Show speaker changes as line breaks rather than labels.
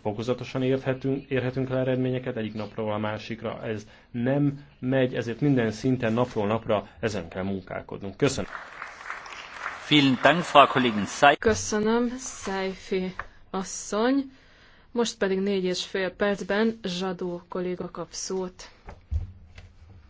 fokozatosan érhetünk, érhetünk el eredményeket egyik napról a másikra. Ez nem megy, ezért minden szinten napról napra ezen kell munkálkodnunk. Köszönöm.
Köszönöm, Szájfi asszony. Most pedig négy és fél percben Zsadó kolléga kap szót.